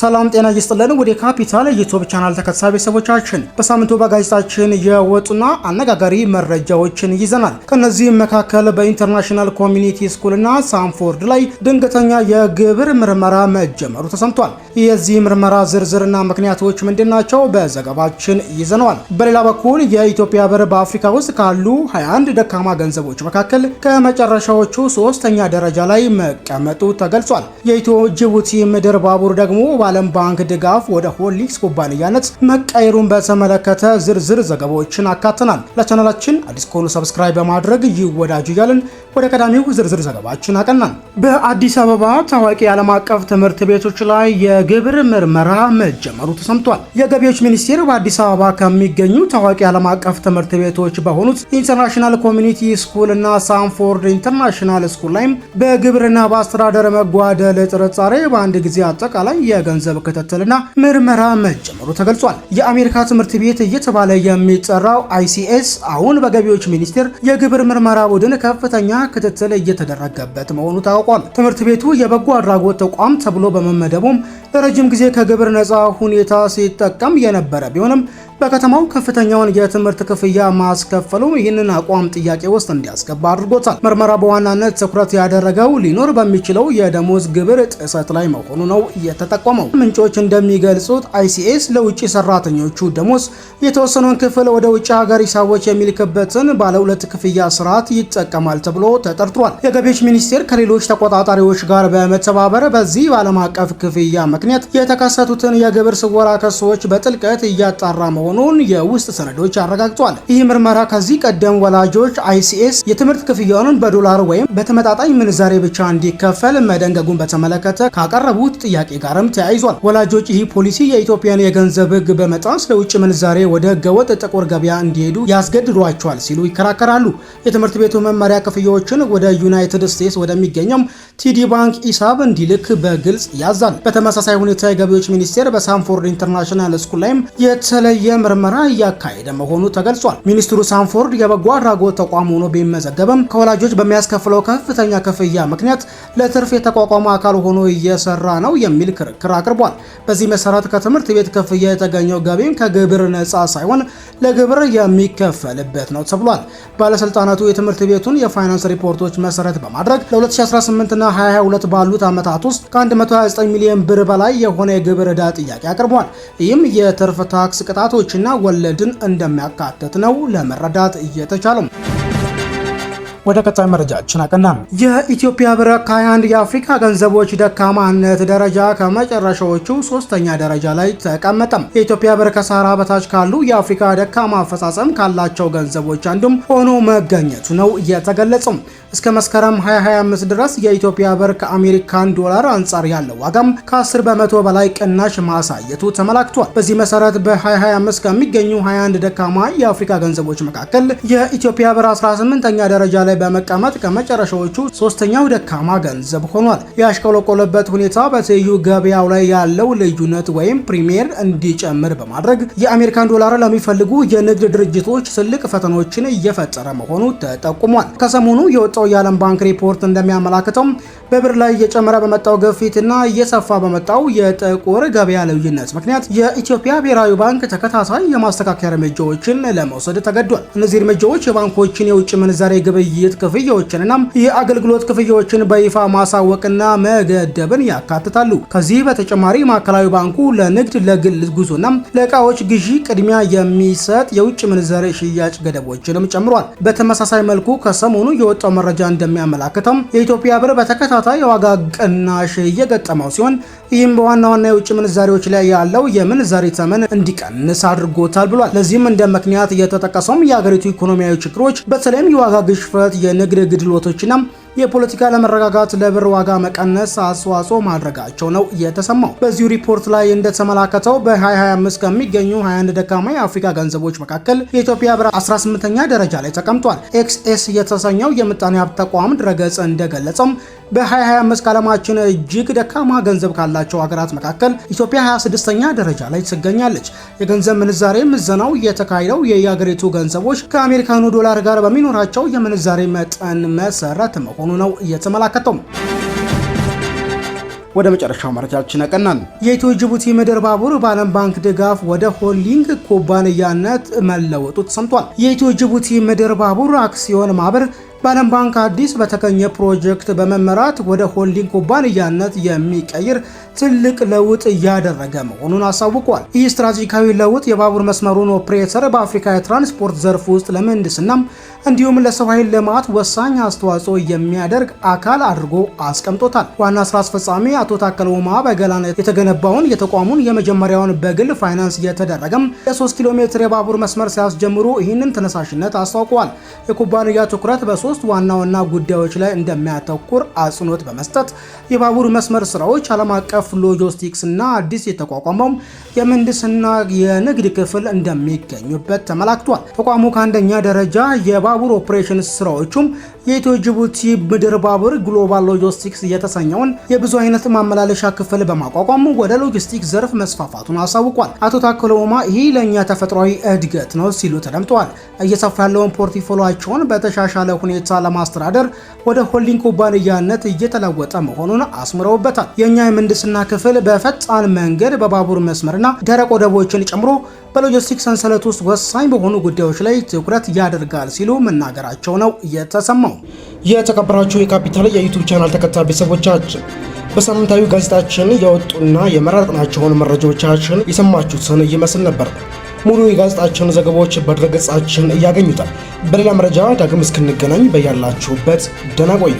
ሰላም ጤና ይስጥልን። ወደ ካፒታል ዩቲዩብ ቻናል ተከታታይ ቤተሰቦቻችን በሳምንቱ በጋዜጣችን የወጡና አነጋጋሪ መረጃዎችን ይዘናል። ከነዚህም መካከል በኢንተርናሽናል ኮሚኒቲ ስኩልና ሳንፎርድ ላይ ድንገተኛ የግብር ምርመራ መጀመሩ ተሰምቷል። የዚህ ምርመራ ዝርዝርና ምክንያቶች ምንድናቸው? በዘገባችን ይዘነዋል። በሌላ በኩል የኢትዮጵያ ብር በአፍሪካ ውስጥ ካሉ 21 ደካማ ገንዘቦች መካከል ከመጨረሻዎቹ ሶስተኛ ደረጃ ላይ መቀመጡ ተገልጿል። የኢትዮ ጅቡቲ ምድር ባቡር ደግሞ በዓለም ባንክ ድጋፍ ወደ ሆሊክስ ኩባንያነት መቀየሩን በተመለከተ ዝርዝር ዘገባዎችን አካተናል። ለቻናላችን አዲስ ከሆኑ ሰብስክራይብ በማድረግ ይወዳጁ እያልን ወደ ቀዳሚው ዝርዝር ዘገባችን አቀናን። በአዲስ አበባ ታዋቂ የዓለም አቀፍ ትምህርት ቤቶች ላይ የግብር ምርመራ መጀመሩ ተሰምቷል። የገቢዎች ሚኒስቴር በአዲስ አበባ ከሚገኙ ታዋቂ ዓለም አቀፍ ትምህርት ቤቶች በሆኑት ኢንተርናሽናል ኮሚኒቲ ስኩል እና ሳንፎርድ ኢንተርናሽናል ስኩል ላይም በግብርና በአስተዳደር መጓደል ጥርጣሬ በአንድ ጊዜ አጠቃላይ የገ ገንዘብ ክትትልና ምርመራ መጀመሩ ተገልጿል። የአሜሪካ ትምህርት ቤት እየተባለ የሚጠራው አይሲኤስ አሁን በገቢዎች ሚኒስቴር የግብር ምርመራ ቡድን ከፍተኛ ክትትል እየተደረገበት መሆኑ ታውቋል። ትምህርት ቤቱ የበጎ አድራጎት ተቋም ተብሎ በመመደቡም ለረጅም ጊዜ ከግብር ነፃ ሁኔታ ሲጠቀም የነበረ ቢሆንም በከተማው ከፍተኛውን የትምህርት ክፍያ ማስከፈሉም ይህንን አቋም ጥያቄ ውስጥ እንዲያስገባ አድርጎታል። ምርመራ በዋናነት ትኩረት ያደረገው ሊኖር በሚችለው የደሞዝ ግብር ጥሰት ላይ መሆኑ ነው እየተጠቆመው። ምንጮች እንደሚገልጹት አይሲኤስ ለውጭ ሰራተኞቹ ደሞዝ የተወሰነውን ክፍል ወደ ውጭ ሀገር ሂሳቦች የሚልክበትን ባለ ሁለት ክፍያ ስርዓት ይጠቀማል ተብሎ ተጠርጥሯል። የገቢዎች ሚኒስቴር ከሌሎች ተቆጣጣሪዎች ጋር በመተባበር በዚህ በዓለም አቀፍ ክፍያ ምክንያት የተከሰቱትን የግብር ስወራ ክሶች በጥልቀት እያጣራ መሆኑ መሆኑን የውስጥ ሰነዶች አረጋግጧል። ይህ ምርመራ ከዚህ ቀደም ወላጆች አይሲኤስ የትምህርት ክፍያውን በዶላር ወይም በተመጣጣኝ ምንዛሬ ብቻ እንዲከፈል መደንገጉን በተመለከተ ካቀረቡት ጥያቄ ጋርም ተያይዟል። ወላጆች ይህ ፖሊሲ የኢትዮጵያን የገንዘብ ሕግ በመጣስ ለውጭ ምንዛሬ ወደ ህገወጥ ጥቁር ገበያ እንዲሄዱ ያስገድዷቸዋል ሲሉ ይከራከራሉ። የትምህርት ቤቱ መመሪያ ክፍያዎችን ወደ ዩናይትድ ስቴትስ ወደሚገኘው ቲዲ ባንክ ኢሳብ እንዲልክ በግልጽ ያዛል። በተመሳሳይ ሁኔታ የገቢዎች ሚኒስቴር በሳንፎርድ ኢንተርናሽናል ስኩል ላይም የተለየ ምርመራ እያካሄደ መሆኑ ተገልጿል። ሚኒስትሩ ሳንፎርድ የበጎ አድራጎት ተቋም ሆኖ ቢመዘገብም ከወላጆች በሚያስከፍለው ከፍተኛ ክፍያ ምክንያት ለትርፍ የተቋቋመ አካል ሆኖ እየሰራ ነው የሚል ክርክር አቅርቧል። በዚህ መሰረት ከትምህርት ቤት ክፍያ የተገኘው ገቢም ከግብር ነፃ ሳይሆን ለግብር የሚከፈልበት ነው ተብሏል። ባለስልጣናቱ የትምህርት ቤቱን የፋይናንስ ሪፖርቶች መሰረት በማድረግ ለ2018 እና 22 ባሉት ዓመታት ውስጥ ከ129 ሚሊዮን ብር በላይ የሆነ የግብር ዕዳ ጥያቄ አቅርቧል። ይህም የትርፍ ታክስ ቅጣቶች ሴቶችና ወለድን እንደሚያካትት ነው ለመረዳት እየተቻለው። ወደ ቀጣይ መረጃችን አቀናን። የኢትዮጵያ ብር ከ21 የአፍሪካ ገንዘቦች ደካማነት ደረጃ ከመጨረሻዎቹ ሶስተኛ ደረጃ ላይ ተቀመጠም። የኢትዮጵያ ብር ከሳራ በታች ካሉ የአፍሪካ ደካማ አፈጻጸም ካላቸው ገንዘቦች አንዱም ሆኖ መገኘቱ ነው የተገለጸው። እስከ መስከረም 2025 ድረስ የኢትዮጵያ ብር ከአሜሪካን ዶላር አንጻር ያለው ዋጋም ከ10 በመቶ በላይ ቅናሽ ማሳየቱ ተመላክቷል። በዚህ መሰረት በ2025 ከሚገኙ 21 ደካማ የአፍሪካ ገንዘቦች መካከል የኢትዮጵያ ብር 18ኛ ደረጃ ላይ በመቀመጥ ከመጨረሻዎቹ ሶስተኛው ደካማ ገንዘብ ሆኗል። ያሽቆለቆለበት ሁኔታ በትይዩ ገበያው ላይ ያለው ልዩነት ወይም ፕሪሚየር እንዲጨምር በማድረግ የአሜሪካን ዶላር ለሚፈልጉ የንግድ ድርጅቶች ትልቅ ፈተናዎችን እየፈጠረ መሆኑ ተጠቁሟል። ከሰሞኑ የወጣው የዓለም ባንክ ሪፖርት እንደሚያመላክተው በብር ላይ እየጨመረ በመጣው ግፊትና እየሰፋ በመጣው የጥቁር ገበያ ልዩነት ምክንያት የኢትዮጵያ ብሔራዊ ባንክ ተከታታይ የማስተካከያ እርምጃዎችን ለመውሰድ ተገዷል። እነዚህ እርምጃዎች የባንኮችን የውጭ ምንዛሬ ግብይት ክፍያዎችንና የአገልግሎት ክፍያዎችን በይፋ ማሳወቅና መገደብን ያካትታሉ። ከዚህ በተጨማሪ ማዕከላዊ ባንኩ ለንግድ፣ ለግል ጉዞና ለእቃዎች ግዢ ቅድሚያ የሚሰጥ የውጭ ምንዛሬ ሽያጭ ገደቦችንም ጨምሯል። በተመሳሳይ መልኩ ከሰሞኑ የወጣው መረጃ እንደሚያመላክተው የኢትዮጵያ ብር በተከታ ተከታታይ የዋጋ ቅናሽ እየገጠመው ሲሆን ይህም በዋና ዋና የውጭ ምንዛሬዎች ላይ ያለው የምንዛሬ ተመን እንዲቀንስ አድርጎታል ብሏል። ለዚህም እንደ ምክንያት የተጠቀሰውም የሀገሪቱ ኢኮኖሚያዊ ችግሮች በተለይም የዋጋ ግሽፈት፣ የንግድ ግድሎቶችና የፖለቲካ ለመረጋጋት ለብር ዋጋ መቀነስ አስተዋጽኦ ማድረጋቸው ነው የተሰማው። በዚሁ ሪፖርት ላይ እንደተመላከተው በ2025 ከሚገኙ 21 ደካማ የአፍሪካ ገንዘቦች መካከል የኢትዮጵያ ብር 18ኛ ደረጃ ላይ ተቀምጧል። ኤክስኤስ የተሰኘው የምጣኔ ሀብት ተቋም ድረገጽ እንደገለጸም በ2025 ከዓለማችን እጅግ ደካማ ገንዘብ ካላቸው ሀገራት መካከል ኢትዮጵያ 26ኛ ደረጃ ላይ ትገኛለች። የገንዘብ ምንዛሬ ምዘናው የተካሄደው የየአገሪቱ ገንዘቦች ከአሜሪካኑ ዶላር ጋር በሚኖራቸው የምንዛሬ መጠን መሰረት መሆኑ መሆኑ ነው እየተመላከተው። ወደ መጨረሻው መረጃችን አቀናን። የኢትዮ ጅቡቲ ምድር ባቡር በዓለም ባንክ ድጋፍ ወደ ሆልዲንግ ኩባንያነት መለወጡ ተሰምቷል። የኢትዮ ጅቡቲ ምድር ባቡር አክሲዮን ማህበር በዓለም ባንክ አዲስ በተገኘ ፕሮጀክት በመመራት ወደ ሆልዲንግ ኩባንያነት የሚቀይር ትልቅ ለውጥ እያደረገ መሆኑን አሳውቋል። ይህ ስትራቴጂካዊ ለውጥ የባቡር መስመሩን ኦፕሬተር በአፍሪካ የትራንስፖርት ዘርፍ ውስጥ ለምህንድስናም እንዲሁም ለሰው ኃይል ልማት ወሳኝ አስተዋጽኦ የሚያደርግ አካል አድርጎ አስቀምጦታል። ዋና ስራ አስፈጻሚ አቶ ታከለ ኡማ በገላነት የተገነባውን የተቋሙን የመጀመሪያውን በግል ፋይናንስ እየተደረገም የ3 ኪሎ ሜትር የባቡር መስመር ሲያስጀምሩ ይህንን ተነሳሽነት አስታውቀዋል። የኩባንያ ትኩረት በሶስት ዋና ዋና ጉዳዮች ላይ እንደሚያተኩር አጽንኦት በመስጠት የባቡር መስመር ስራዎች ዓለም አቀፍ አቀፍ ሎጂስቲክስ እና አዲስ የተቋቋመው የምህንድስና የንግድ ክፍል እንደሚገኙበት ተመላክቷል። ተቋሙ ከአንደኛ ደረጃ የባቡር ኦፕሬሽን ስራዎቹም የኢትዮ ጅቡቲ ምድር ባቡር ግሎባል ሎጂስቲክስ የተሰኘውን የብዙ አይነት ማመላለሻ ክፍል በማቋቋሙ ወደ ሎጂስቲክስ ዘርፍ መስፋፋቱን አሳውቋል። አቶ ታከለ ኡማ ይህ ለእኛ ተፈጥሯዊ እድገት ነው ሲሉ ተደምጠዋል። እየሰፋ ያለውን ፖርትፎሊዮአቸውን በተሻሻለ ሁኔታ ለማስተዳደር ወደ ሆልዲንግ ኩባንያነት እየተለወጠ መሆኑን አስምረውበታል። የእኛ የምህንድስና ዋና ክፍል በፈጣን መንገድ በባቡር መስመርና ደረቅ ወደቦችን ጨምሮ በሎጂስቲክስ ሰንሰለት ውስጥ ወሳኝ በሆኑ ጉዳዮች ላይ ትኩረት ያደርጋል ሲሉ መናገራቸው ነው የተሰማው። የተከበራችሁ የካፒታል የዩቱብ ቻናል ተከታይ ቤተሰቦቻችን በሳምንታዊ ጋዜጣችን የወጡና የመረጥናቸውን መረጃዎቻችን የሰማችሁትን ይመስል ነበር። ሙሉ የጋዜጣችን ዘገባዎች በድረገጻችን ያገኙታል። በሌላ መረጃ ዳግም እስክንገናኝ በያላችሁበት ደህና ቆዩ።